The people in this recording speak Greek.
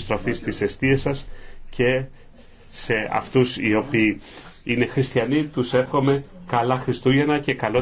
στροφής στις αιστείες σας και σε αυτούς οι οποίοι είναι χριστιανοί τους εύχομαι καλά Χριστούγεννα και καλό